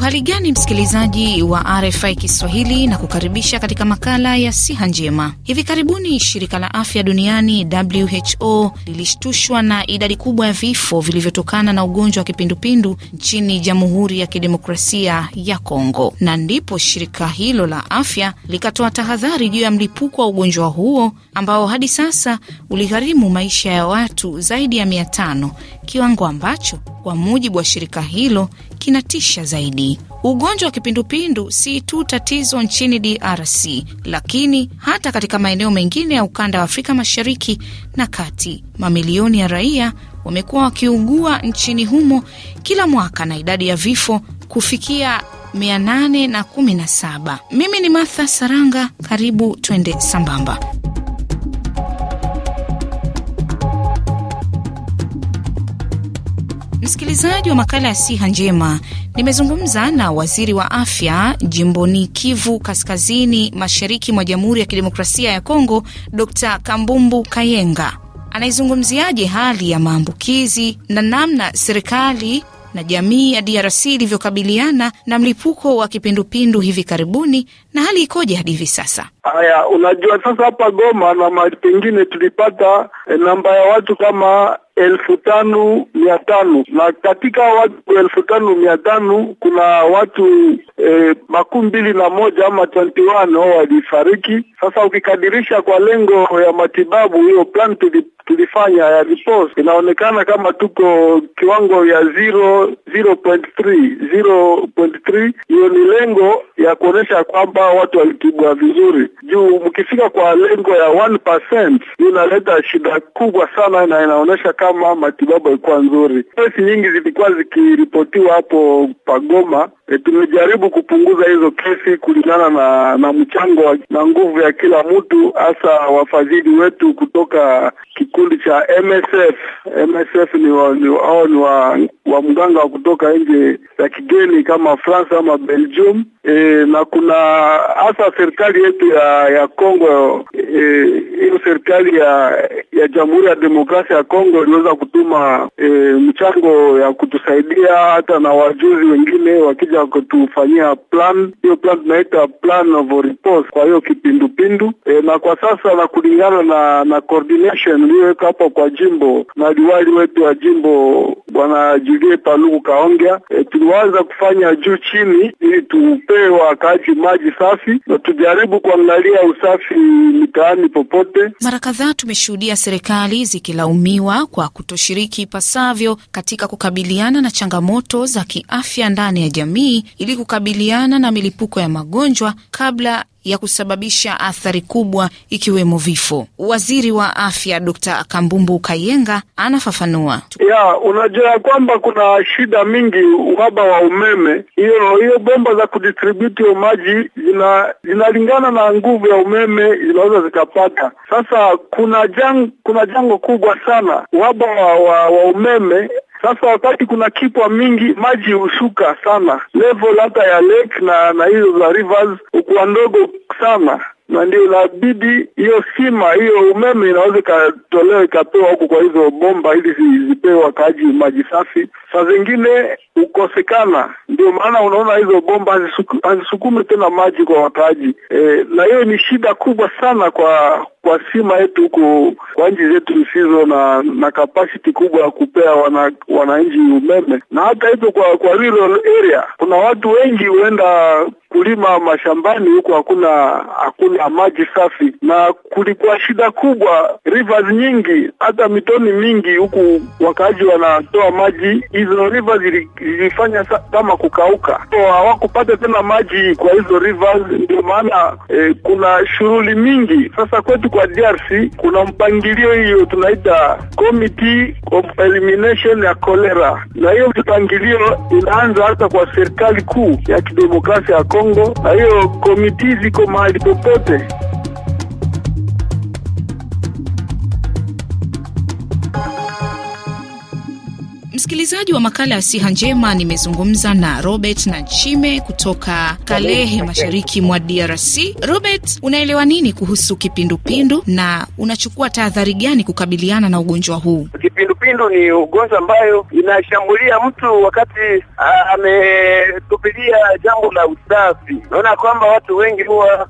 Uhali gani msikilizaji wa RFI Kiswahili na kukaribisha katika makala ya siha njema. Hivi karibuni shirika la afya duniani WHO lilishtushwa na idadi kubwa ya vifo vilivyotokana na ugonjwa wa kipindupindu nchini Jamhuri ya Kidemokrasia ya Kongo, na ndipo shirika hilo la afya likatoa tahadhari juu ya mlipuko wa ugonjwa huo ambao hadi sasa uligharimu maisha ya watu zaidi ya mia tano, kiwango ambacho kwa mujibu wa shirika hilo kinatisha zaidi. Ugonjwa wa kipindupindu si tu tatizo nchini DRC, lakini hata katika maeneo mengine ya ukanda wa Afrika Mashariki na Kati. Mamilioni ya raia wamekuwa wakiugua nchini humo kila mwaka na idadi ya vifo kufikia 817. Mimi ni Martha Saranga, karibu twende sambamba. Msikilizaji wa makala ya siha njema, nimezungumza na waziri wa afya jimboni Kivu Kaskazini, mashariki mwa Jamhuri ya Kidemokrasia ya Kongo, Dr Kambumbu Kayenga. Anaizungumziaje hali ya maambukizi na namna serikali na jamii ya DRC ilivyokabiliana na mlipuko wa kipindupindu hivi karibuni, na hali ikoje hadi hivi sasa? Haya, unajua sasa hapa Goma na mali pengine tulipata e, namba ya watu kama elfu tano mia tano na katika watu elfu tano mia tano kuna watu eh, makumi mbili na moja ama 21 wao walifariki. Sasa ukikadirisha kwa lengo ya matibabu, hiyo plan tulifanya ya resource inaonekana kama tuko kiwango ya 0 0.3 0.3. Hiyo ni lengo ya kuonyesha kwamba watu walitibwa vizuri, juu mkifika kwa lengo ya 1% inaleta shida kubwa sana na inaonesha kama kama matibabu haikuwa nzuri. Kesi nyingi zilikuwa zikiripotiwa hapo Pagoma. E, tumejaribu kupunguza hizo kesi kulingana na na mchango na nguvu ya kila mtu, hasa wafadhili wetu kutoka kikundi cha MSF. MSF ni wa, ni, au ni wa, wa mganga wa kutoka nje ya kigeni kama France ama Belgium. E, na kuna hasa serikali yetu ya ya Kongo e, hiyo, e, serikali ya ya Jamhuri ya Demokrasia ya Kongo wanaweza kutuma e, mchango ya kutusaidia hata na wajuzi wengine wakija kutufanyia plan hiyo plan tunaita plan of repose kwa hiyo kipindupindu e, na kwa sasa na kulingana na na coordination iliyoweka hapo kwa jimbo na liwali wetu wa jimbo bwana Julie Paluku Kaongea e, tuliwaza kufanya juu chini ili tupewe wakaaji maji safi na tujaribu kuangalia usafi mitaani popote. Mara kadhaa tumeshuhudia serikali zikilaumiwa kwa kwa kutoshiriki ipasavyo katika kukabiliana na changamoto za kiafya ndani ya jamii ili kukabiliana na milipuko ya magonjwa kabla ya kusababisha athari kubwa ikiwemo vifo. Waziri wa Afya Dr. Kambumbu Kayenga anafafanua. Ya, unajua kwamba kuna shida mingi, uhaba wa umeme. Hiyo hiyo bomba za kudistributi maji zina, zinalingana na nguvu ya umeme zinaweza zikapata. Sasa kuna jang, kuna jango kubwa sana uhaba wa, wa, wa umeme sasa wakati kuna kipwa mingi, maji hushuka sana, level hata ya lake na na hizo za rivers hukuwa ndogo sana na ndio inabidi hiyo sima hiyo umeme inaweza ikatolewa ikapewa huko kwa hizo bomba ili zipewe wakaaji maji safi. Saa zingine hukosekana, ndio maana unaona hizo bomba hazisukumi tena maji kwa wakaaji e, na hiyo ni shida kubwa sana kwa kwa sima yetu huko kwa nchi zetu zisizo na na capacity kubwa ya kupea wana, wananchi umeme, na hata hivyo kwa kwa rural area kuna watu wengi huenda kulima mashambani huko, hakuna hakuna maji safi, na kulikuwa shida kubwa, rivers nyingi, hata mitoni mingi huku, wakaaji wanatoa maji, hizo rivers zilifanya kama kukauka, hawakupata tena maji kwa hizo rivers. Ndio maana eh, kuna shughuli mingi sasa kwetu kwa DRC kuna mpangilio hiyo tunaita committee of elimination ya cholera, na hiyo mpangilio inaanza hata kwa serikali kuu ya kidemokrasia ya Kongo, na hiyo komiti ziko mahali popote. Msikilizaji wa makala ya siha njema, nimezungumza na Robert Nachime kutoka Kalehe, mashariki mwa DRC. Robert, unaelewa nini kuhusu kipindupindu na unachukua tahadhari gani kukabiliana na ugonjwa huu? Kipindupindu ni ugonjwa ambayo inashambulia mtu wakati ametupilia jambo la usafi. Naona kwamba watu wengi huwa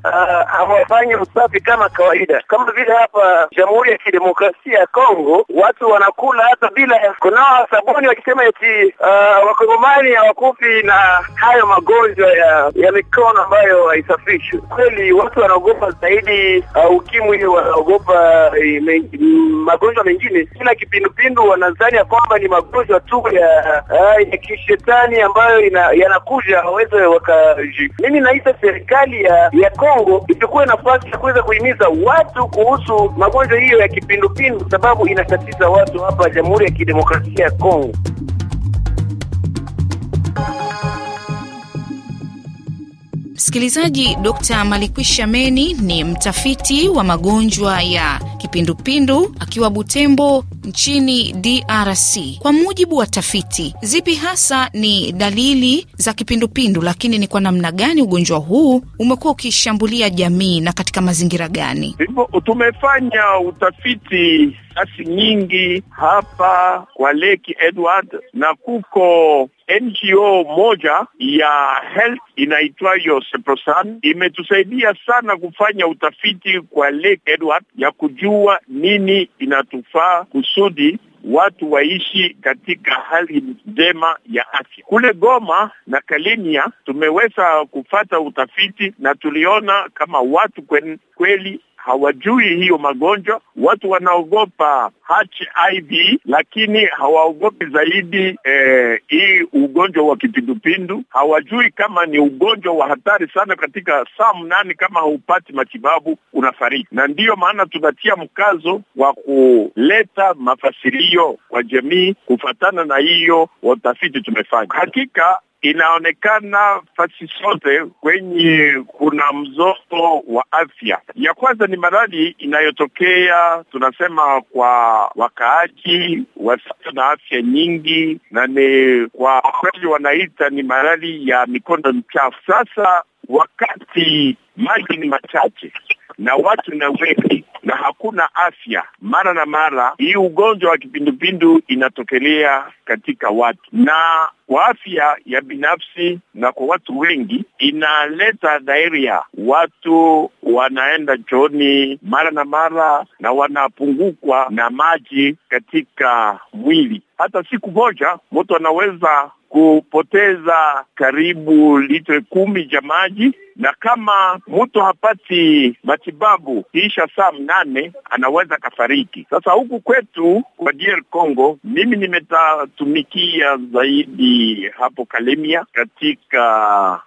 hawafanyi usafi kama kawaida, kama vile hapa Jamhuri ya Kidemokrasia ya Kongo watu wanakula hata bila kunawa sabuni Wakongomani wakisema eti uh, Wakongomani hawakufi na hayo magonjwa ya, ya mikono ambayo haisafishwi. Kweli watu wanaogopa zaidi uh, ukimwi, wanaogopa uh, magonjwa mengine, ila kipindupindu wanadhani ya kwamba ni magonjwa tu ya, uh, ya kishetani ambayo yanakuja waweze wakaji. Mimi naisa serikali ya, ya Kongo ichukue nafasi ya kuweza kuhimiza watu kuhusu magonjwa hiyo ya kipindupindu, sababu inatatiza watu hapa Jamhuri ya Kidemokrasia ya Kongo. Marekani. Msikilizaji, Dr. Malikwisha Meni ni mtafiti wa magonjwa ya kipindupindu akiwa Butembo nchini DRC. Kwa mujibu wa tafiti, zipi hasa ni dalili za kipindupindu, lakini ni kwa namna gani ugonjwa huu umekuwa ukishambulia jamii na katika mazingira gani? Hivyo tumefanya utafiti kasi nyingi hapa kwa Lake Edward na kuko NGO moja ya health inaitwayo Seprosan imetusaidia sana kufanya utafiti kwa Lake Edward ya kujua kujua nini inatufaa kusudi watu waishi katika hali njema ya afya. Kule Goma na kalinia tumeweza kufata utafiti na tuliona kama watu kwen, kweli hawajui hiyo magonjwa. Watu wanaogopa HIV, lakini hawaogopi zaidi eh, hii ugonjwa wa kipindupindu. Hawajui kama ni ugonjwa wa hatari sana, katika saa mnane kama haupati matibabu unafariki, na ndiyo maana tunatia mkazo wa kuleta mafasirio kwa jamii kufatana na hiyo watafiti tumefanya. Hakika Inaonekana fasi zote kwenye kuna mzozo wa afya. Ya kwanza ni maradhi inayotokea tunasema kwa wakaaji wasio na afya nyingi, na ni kwa kweli wanaita ni maradhi ya mikondo michafu. Sasa wakati maji ni machache na watu na wengi na hakuna afya. Mara na mara hii ugonjwa wa kipindupindu inatokelea katika watu na kwa afya ya binafsi na kwa watu wengi inaleta dhairia Watu wanaenda chooni mara na mara na wanapungukwa na maji katika mwili. Hata siku moja mtu anaweza kupoteza karibu litre kumi ya maji na kama mtu hapati matibabu kiisha saa mnane anaweza kafariki. Sasa huku kwetu kwa DR Congo, mimi nimetatumikia zaidi hapo Kalemia katika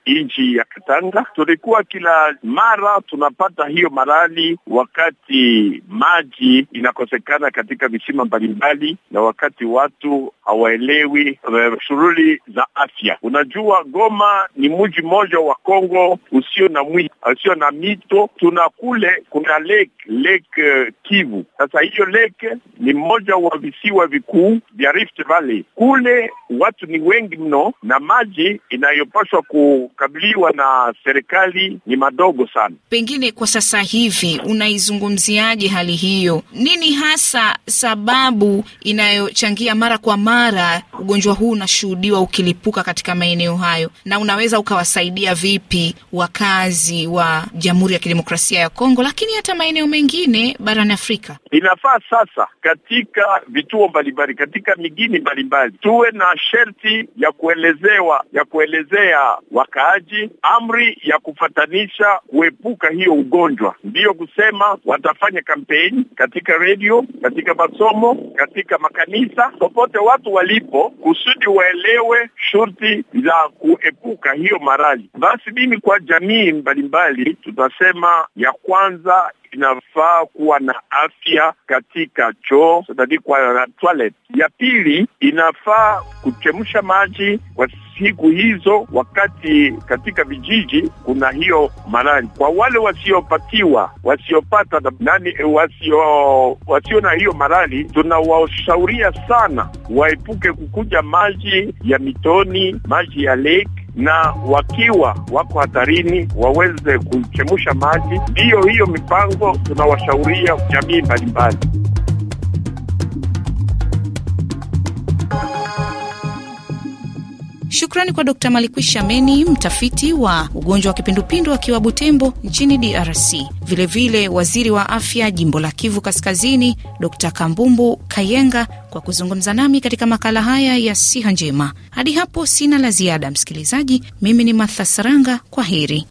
nchi ya Katanga, tulikuwa kila mara tunapata hiyo marali wakati maji inakosekana katika visima mbalimbali, na wakati watu hawaelewi eh, shughuli za afya. Unajua, Goma ni mji mmoja wa Kongo usio na mwi usio ah, na mito. Tuna kule kuna lake, lake eh, Kivu. Sasa hiyo lake ni mmoja wa visiwa vikuu vya Rift Valley. Kule watu ni wengi mno, na maji inayopaswa kukabiliwa na serikali ni madogo sana. Pengine kwa sasa hivi unaizungumziaje hali hiyo? Nini hasa sababu inayochangia mara kwa mara ugonjwa huu unashuhudiwa ukilipuka katika maeneo hayo, na unaweza ukawasaidia vipi wa wakazi wa Jamhuri ya Kidemokrasia ya Kongo, lakini hata maeneo mengine barani Afrika. Inafaa sasa katika vituo mbalimbali, katika migini mbalimbali, tuwe na sherti ya kuelezewa ya kuelezea wakaaji, amri ya kufatanisha kuepuka hiyo ugonjwa. Ndiyo kusema watafanya kampeni katika redio, katika masomo, katika makanisa, popote watu walipo, kusudi waelewe shurti za kuepuka hiyo maradhi. Basi mimi kwa jamii mbalimbali, tutasema ya kwanza inafaa kuwa na afya katika choo sadadi kwa na toilet. Ya pili inafaa kuchemsha maji kwa siku hizo, wakati katika vijiji kuna hiyo marali kwa wale wasiopatiwa wasiopata nani wasio wasio na hiyo marali tunawashauria sana waepuke kukuja maji ya mitoni, maji ya lake na wakiwa wako hatarini waweze kuchemsha maji. Ndiyo hiyo mipango tunawashauria jamii mbalimbali. Shukrani kwa Dr Malikwisha Meni, mtafiti wa ugonjwa wa kipindupindu akiwa Butembo nchini DRC, vilevile vile waziri wa afya jimbo la Kivu Kaskazini d Kambumbu Kayenga kwa kuzungumza nami katika makala haya ya siha njema. Hadi hapo sina la ziada, msikilizaji. Mimi ni mathasaranga kwa heri.